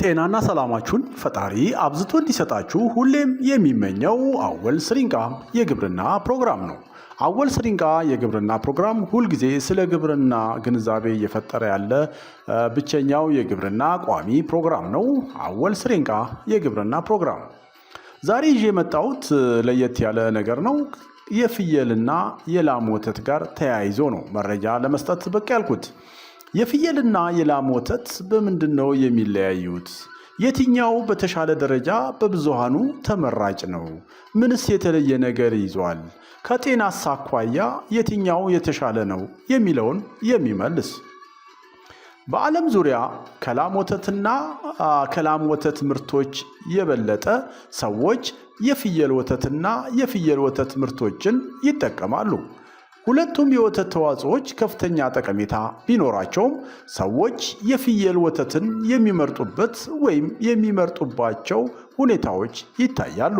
ጤናና ሰላማችሁን ፈጣሪ አብዝቶ እንዲሰጣችሁ ሁሌም የሚመኘው አወል ስሪንቃ የግብርና ፕሮግራም ነው። አወል ስሪንቃ የግብርና ፕሮግራም ሁልጊዜ ስለ ግብርና ግንዛቤ እየፈጠረ ያለ ብቸኛው የግብርና ቋሚ ፕሮግራም ነው። አወል ስሪንቃ የግብርና ፕሮግራም ዛሬ ይዤ የመጣሁት ለየት ያለ ነገር ነው። የፍየልና የላም ወተት ጋር ተያይዞ ነው መረጃ ለመስጠት ብቅ ያልኩት። የፍየልና የላም ወተት በምንድን ነው የሚለያዩት? የትኛው በተሻለ ደረጃ በብዙሃኑ ተመራጭ ነው? ምንስ የተለየ ነገር ይዟል? ከጤና አኳያ የትኛው የተሻለ ነው የሚለውን የሚመልስ በዓለም ዙሪያ ከላም ወተትና ከላም ወተት ምርቶች የበለጠ ሰዎች የፍየል ወተትና የፍየል ወተት ምርቶችን ይጠቀማሉ። ሁለቱም የወተት ተዋጽኦች ከፍተኛ ጠቀሜታ ቢኖራቸውም ሰዎች የፍየል ወተትን የሚመርጡበት ወይም የሚመርጡባቸው ሁኔታዎች ይታያሉ።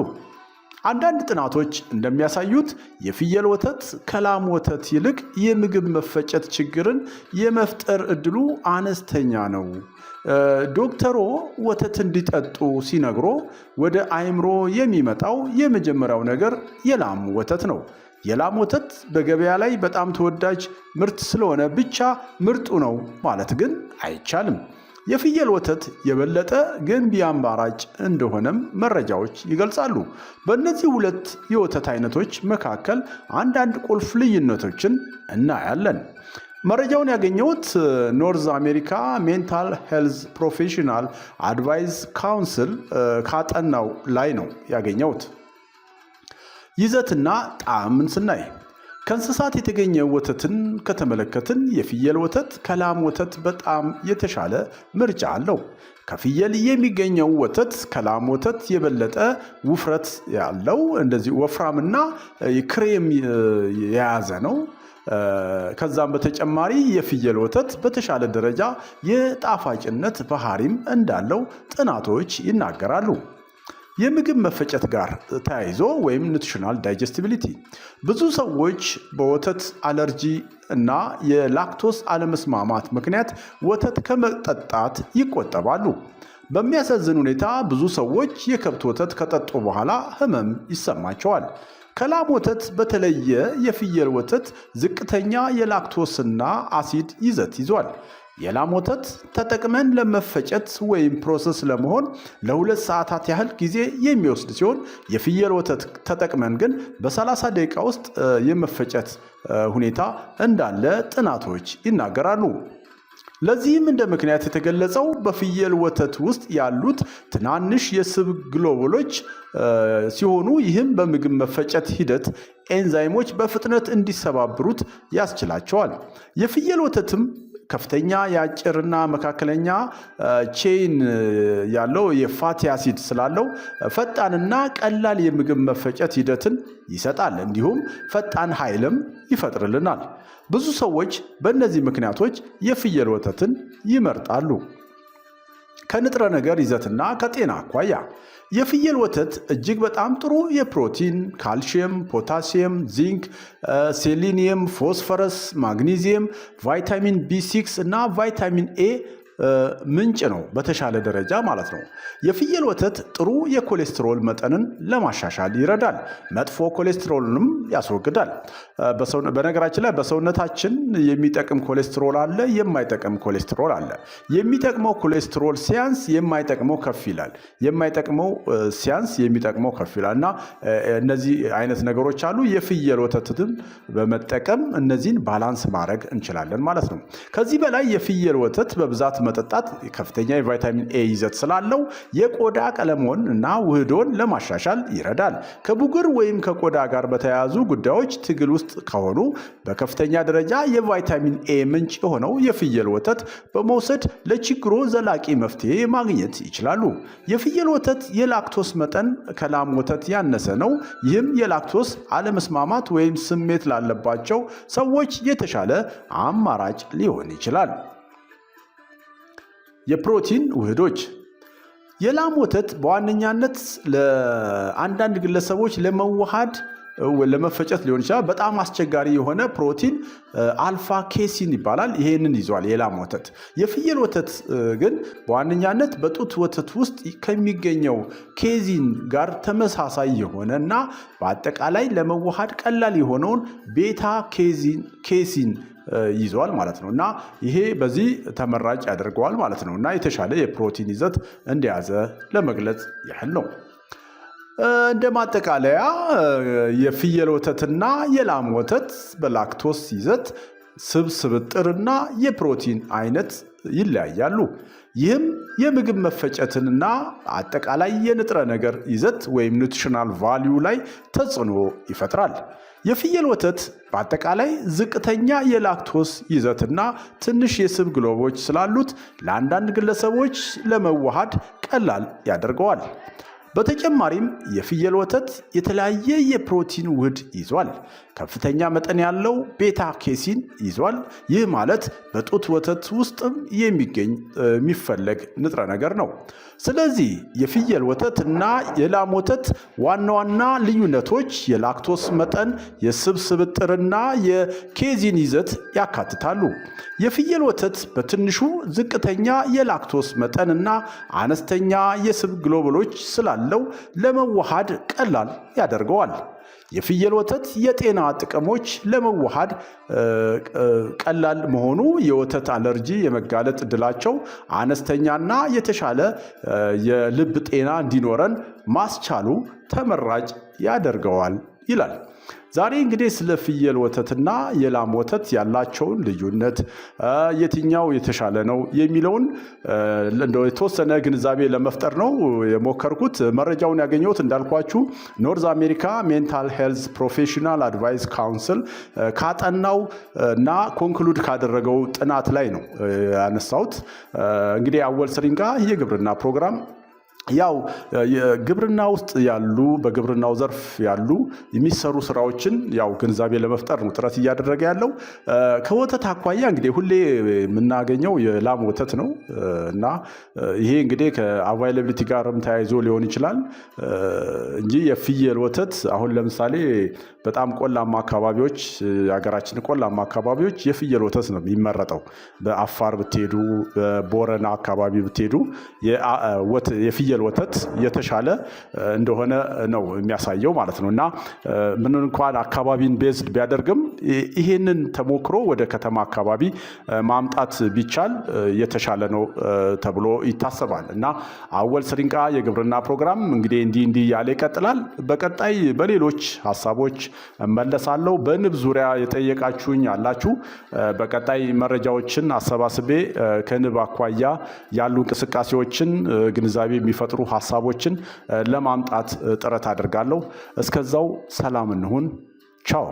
አንዳንድ ጥናቶች እንደሚያሳዩት የፍየል ወተት ከላም ወተት ይልቅ የምግብ መፈጨት ችግርን የመፍጠር እድሉ አነስተኛ ነው። ዶክተሮ ወተት እንዲጠጡ ሲነግሮ ወደ አይምሮ የሚመጣው የመጀመሪያው ነገር የላም ወተት ነው። የላም ወተት በገበያ ላይ በጣም ተወዳጅ ምርት ስለሆነ ብቻ ምርጡ ነው ማለት ግን አይቻልም። የፍየል ወተት የበለጠ ገንቢ አማራጭ እንደሆነም መረጃዎች ይገልጻሉ። በእነዚህ ሁለት የወተት አይነቶች መካከል አንዳንድ ቁልፍ ልዩነቶችን እናያለን። መረጃውን ያገኘሁት ኖርዝ አሜሪካ ሜንታል ሄልዝ ፕሮፌሽናል አድቫይዝ ካውንስል ካጠናው ላይ ነው ያገኘሁት። ይዘትና ጣዕምን ስናይ ከእንስሳት የተገኘ ወተትን ከተመለከትን የፍየል ወተት ከላም ወተት በጣም የተሻለ ምርጫ አለው። ከፍየል የሚገኘው ወተት ከላም ወተት የበለጠ ውፍረት ያለው እንደዚህ ወፍራምና ክሬም የያዘ ነው። ከዛም በተጨማሪ የፍየል ወተት በተሻለ ደረጃ የጣፋጭነት ባህሪም እንዳለው ጥናቶች ይናገራሉ። የምግብ መፈጨት ጋር ተያይዞ ወይም ኒትሪሽናል ዳይጀስቲቢሊቲ ብዙ ሰዎች በወተት አለርጂ እና የላክቶስ አለመስማማት ምክንያት ወተት ከመጠጣት ይቆጠባሉ። በሚያሳዝን ሁኔታ ብዙ ሰዎች የከብት ወተት ከጠጡ በኋላ ህመም ይሰማቸዋል። ከላም ወተት በተለየ የፍየል ወተት ዝቅተኛ የላክቶስና አሲድ ይዘት ይዟል። የላም ወተት ተጠቅመን ለመፈጨት ወይም ፕሮሰስ ለመሆን ለሁለት ሰዓታት ያህል ጊዜ የሚወስድ ሲሆን የፍየል ወተት ተጠቅመን ግን በ30 ደቂቃ ውስጥ የመፈጨት ሁኔታ እንዳለ ጥናቶች ይናገራሉ። ለዚህም እንደ ምክንያት የተገለጸው በፍየል ወተት ውስጥ ያሉት ትናንሽ የስብ ግሎቦሎች ሲሆኑ ይህም በምግብ መፈጨት ሂደት ኤንዛይሞች በፍጥነት እንዲሰባብሩት ያስችላቸዋል። የፍየል ወተትም ከፍተኛ የአጭርና መካከለኛ ቼን ያለው የፋቲ አሲድ ስላለው ፈጣንና ቀላል የምግብ መፈጨት ሂደትን ይሰጣል። እንዲሁም ፈጣን ኃይልም ይፈጥርልናል። ብዙ ሰዎች በእነዚህ ምክንያቶች የፍየል ወተትን ይመርጣሉ። ከንጥረ ነገር ይዘትና ከጤና አኳያ የፍየል ወተት እጅግ በጣም ጥሩ የፕሮቲን፣ ካልሽየም፣ ፖታሲየም፣ ዚንክ፣ ሴሊኒየም፣ ፎስፈረስ፣ ማግኒዚየም፣ ቫይታሚን ቢ6 እና ቫይታሚን ኤ ምንጭ ነው፣ በተሻለ ደረጃ ማለት ነው። የፍየል ወተት ጥሩ የኮሌስትሮል መጠንን ለማሻሻል ይረዳል፣ መጥፎ ኮሌስትሮልንም ያስወግዳል። በነገራችን ላይ በሰውነታችን የሚጠቅም ኮሌስትሮል አለ፣ የማይጠቅም ኮሌስትሮል አለ። የሚጠቅመው ኮሌስትሮል ሲያንስ የማይጠቅመው ከፍ ይላል፣ የማይጠቅመው ሲያንስ የሚጠቅመው ከፍ ይላል እና እነዚህ አይነት ነገሮች አሉ። የፍየል ወተትን በመጠቀም እነዚህን ባላንስ ማድረግ እንችላለን ማለት ነው። ከዚህ በላይ የፍየል ወተት በብዛት መጠጣት ከፍተኛ የቫይታሚን ኤ ይዘት ስላለው የቆዳ ቀለሞን እና ውህዶን ለማሻሻል ይረዳል። ከቡግር ወይም ከቆዳ ጋር በተያያዙ ጉዳዮች ትግል ውስጥ ከሆኑ በከፍተኛ ደረጃ የቫይታሚን ኤ ምንጭ የሆነው የፍየል ወተት በመውሰድ ለችግሮ ዘላቂ መፍትሄ ማግኘት ይችላሉ። የፍየል ወተት የላክቶስ መጠን ከላም ወተት ያነሰ ነው። ይህም የላክቶስ አለመስማማት ወይም ስሜት ላለባቸው ሰዎች የተሻለ አማራጭ ሊሆን ይችላል። የፕሮቲን ውህዶች የላም ወተት በዋነኛነት ለአንዳንድ ግለሰቦች ለመዋሃድ ለመፈጨት ሊሆን ይችላል። በጣም አስቸጋሪ የሆነ ፕሮቲን አልፋ ኬሲን ይባላል። ይሄንን ይዟል የላም ወተት። የፍየል ወተት ግን በዋነኛነት በጡት ወተት ውስጥ ከሚገኘው ኬዚን ጋር ተመሳሳይ የሆነ እና በአጠቃላይ ለመዋሃድ ቀላል የሆነውን ቤታ ኬሲን ይዟል ማለት ነው እና ይሄ በዚህ ተመራጭ ያደርገዋል ማለት ነው እና የተሻለ የፕሮቲን ይዘት እንደያዘ ለመግለጽ ያህል ነው። እንደ ማጠቃለያ የፍየል ወተትና የላም ወተት በላክቶስ ይዘት ስብ ስብጥርና የፕሮቲን አይነት ይለያያሉ። ይህም የምግብ መፈጨትንና አጠቃላይ የንጥረ ነገር ይዘት ወይም ኒውትሪሽናል ቫሊዩ ላይ ተጽዕኖ ይፈጥራል። የፍየል ወተት በአጠቃላይ ዝቅተኛ የላክቶስ ይዘትና ትንሽ የስብ ግሎቦች ስላሉት ለአንዳንድ ግለሰቦች ለመዋሃድ ቀላል ያደርገዋል። በተጨማሪም የፍየል ወተት የተለያየ የፕሮቲን ውህድ ይዟል። ከፍተኛ መጠን ያለው ቤታ ኬሲን ይዟል። ይህ ማለት በጡት ወተት ውስጥም የሚገኝ የሚፈለግ ንጥረ ነገር ነው። ስለዚህ የፍየል ወተት እና የላም ወተት ዋና ዋና ልዩነቶች የላክቶስ መጠን፣ የስብ ስብጥርና የኬዚን ይዘት ያካትታሉ። የፍየል ወተት በትንሹ ዝቅተኛ የላክቶስ መጠን እና አነስተኛ የስብ ግሎበሎች ስላለው ለመዋሃድ ቀላል ያደርገዋል። የፍየል ወተት የጤና ጥቅሞች ለመዋሃድ ቀላል መሆኑ የወተት አለርጂ የመጋለጥ እድላቸው አነስተኛና የተሻለ የልብ ጤና እንዲኖረን ማስቻሉ ተመራጭ ያደርገዋል። ይላል። ዛሬ እንግዲህ ስለ ፍየል ወተትና የላም ወተት ያላቸውን ልዩነት የትኛው የተሻለ ነው የሚለውን የተወሰነ ግንዛቤ ለመፍጠር ነው የሞከርኩት። መረጃውን ያገኘሁት እንዳልኳችሁ ኖርዝ አሜሪካ ሜንታል ሄልዝ ፕሮፌሽናል አድቫይስ ካውንስል ካጠናው እና ኮንክሉድ ካደረገው ጥናት ላይ ነው ያነሳሁት። እንግዲህ አወል ስሪንጋ የግብርና ፕሮግራም ያው ግብርና ውስጥ ያሉ በግብርናው ዘርፍ ያሉ የሚሰሩ ስራዎችን ያው ግንዛቤ ለመፍጠር ነው ጥረት እያደረገ ያለው። ከወተት አኳያ እንግዲህ ሁሌ የምናገኘው የላም ወተት ነው እና ይሄ እንግዲህ ከአቫይላብሊቲ ጋርም ተያይዞ ሊሆን ይችላል እንጂ የፍየል ወተት አሁን ለምሳሌ በጣም ቆላማ አካባቢዎች ሀገራችን ቆላማ አካባቢዎች የፍየል ወተት ነው የሚመረጠው። በአፋር ብትሄዱ፣ በቦረና አካባቢ ብትሄዱ የፍየል ወተት የተሻለ እንደሆነ ነው የሚያሳየው ማለት ነው እና ምን እንኳን አካባቢን ቤዝድ ቢያደርግም ይሄንን ተሞክሮ ወደ ከተማ አካባቢ ማምጣት ቢቻል የተሻለ ነው ተብሎ ይታሰባል እና አወል ስሪንቃ የግብርና ፕሮግራም እንግዲህ እንዲህ እንዲህ እያለ ይቀጥላል። በቀጣይ በሌሎች ሀሳቦች እመለሳለሁ። በንብ ዙሪያ የጠየቃችሁኝ አላችሁ። በቀጣይ መረጃዎችን አሰባስቤ ከንብ አኳያ ያሉ እንቅስቃሴዎችን ግንዛቤ የሚፈጥሩ ሀሳቦችን ለማምጣት ጥረት አድርጋለሁ። እስከዛው ሰላም እንሁን። ቻው